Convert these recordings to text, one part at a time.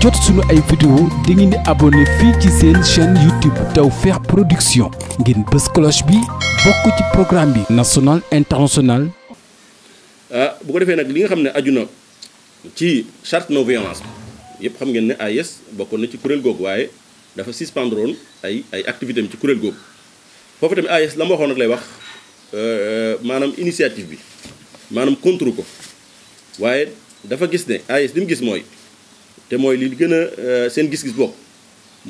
jot suñu ay vidéo da ngeen di abonné fii ci seen chaîne YouTube Tawfekh Production ngeen bës cloche bi bokk ci programme bi national international ah bu ko defee nag li nga xam ne aju na ci charte non violence yëpp xam ngeen ne AIS bokkoon na ci kuréel googu waaye dafa suspendre woon ay ay activité ci kuréel googu foofu tamit AIS la ma waxoon nag lay wax euh, maanaam initiative bi maanaam contre ko waaye dafa gis ne AIS li gis mooy te mooy li gën a euh, seen gis-gis bokk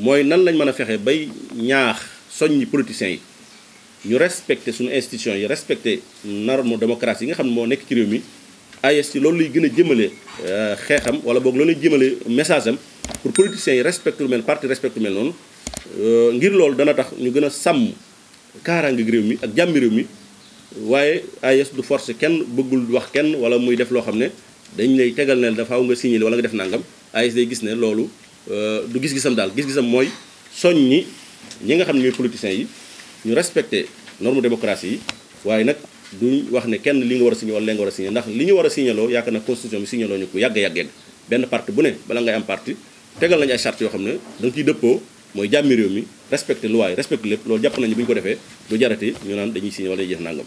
mooy nan lañ mën a fexe bay ñaax soññi politiciens yi ñu respecté suñu institution yi respecté norme démocratie yi nga xam ne moo nekk ci réew mi AES loolu lay gën a jëmale euh, xeexam wala boog loolu lay jëmale message am pour politiciens yi respecté lu mel parti respecté lu mel noonu euh, ngir loolu dana tax ñu gën a sàmm kaaraange réew mi ak jàmmi réew mi waaye AES du force kenn bëggul wax kenn wala muy def loo xam ne dañ lay tegal ne dafa aw nga signaler wala nga def nangam AIS day gis ne loolu euh, du gis-gisam daal gis-gisam mooy ni ñi nga xam ne ñooy politiciens yi ñu respecté norme démocratie yi waaye nag duñ wax li nga war a signé wala li nga war a signé ndax li ñu war a signéloo yaakaar na constitution bi signéloo ñu ko yàgg yàgg yàgg benn parti bu ne bala ngay am parti tegal nañu ay charte yoo xam ne da nga ciy dëppoo mooy jàmmi réew mi respecté loi yi respecté lépp loolu jàpp nañu bu ñu ko defee du jarati ñu naan dañuy signé wala dañuy jëf nangam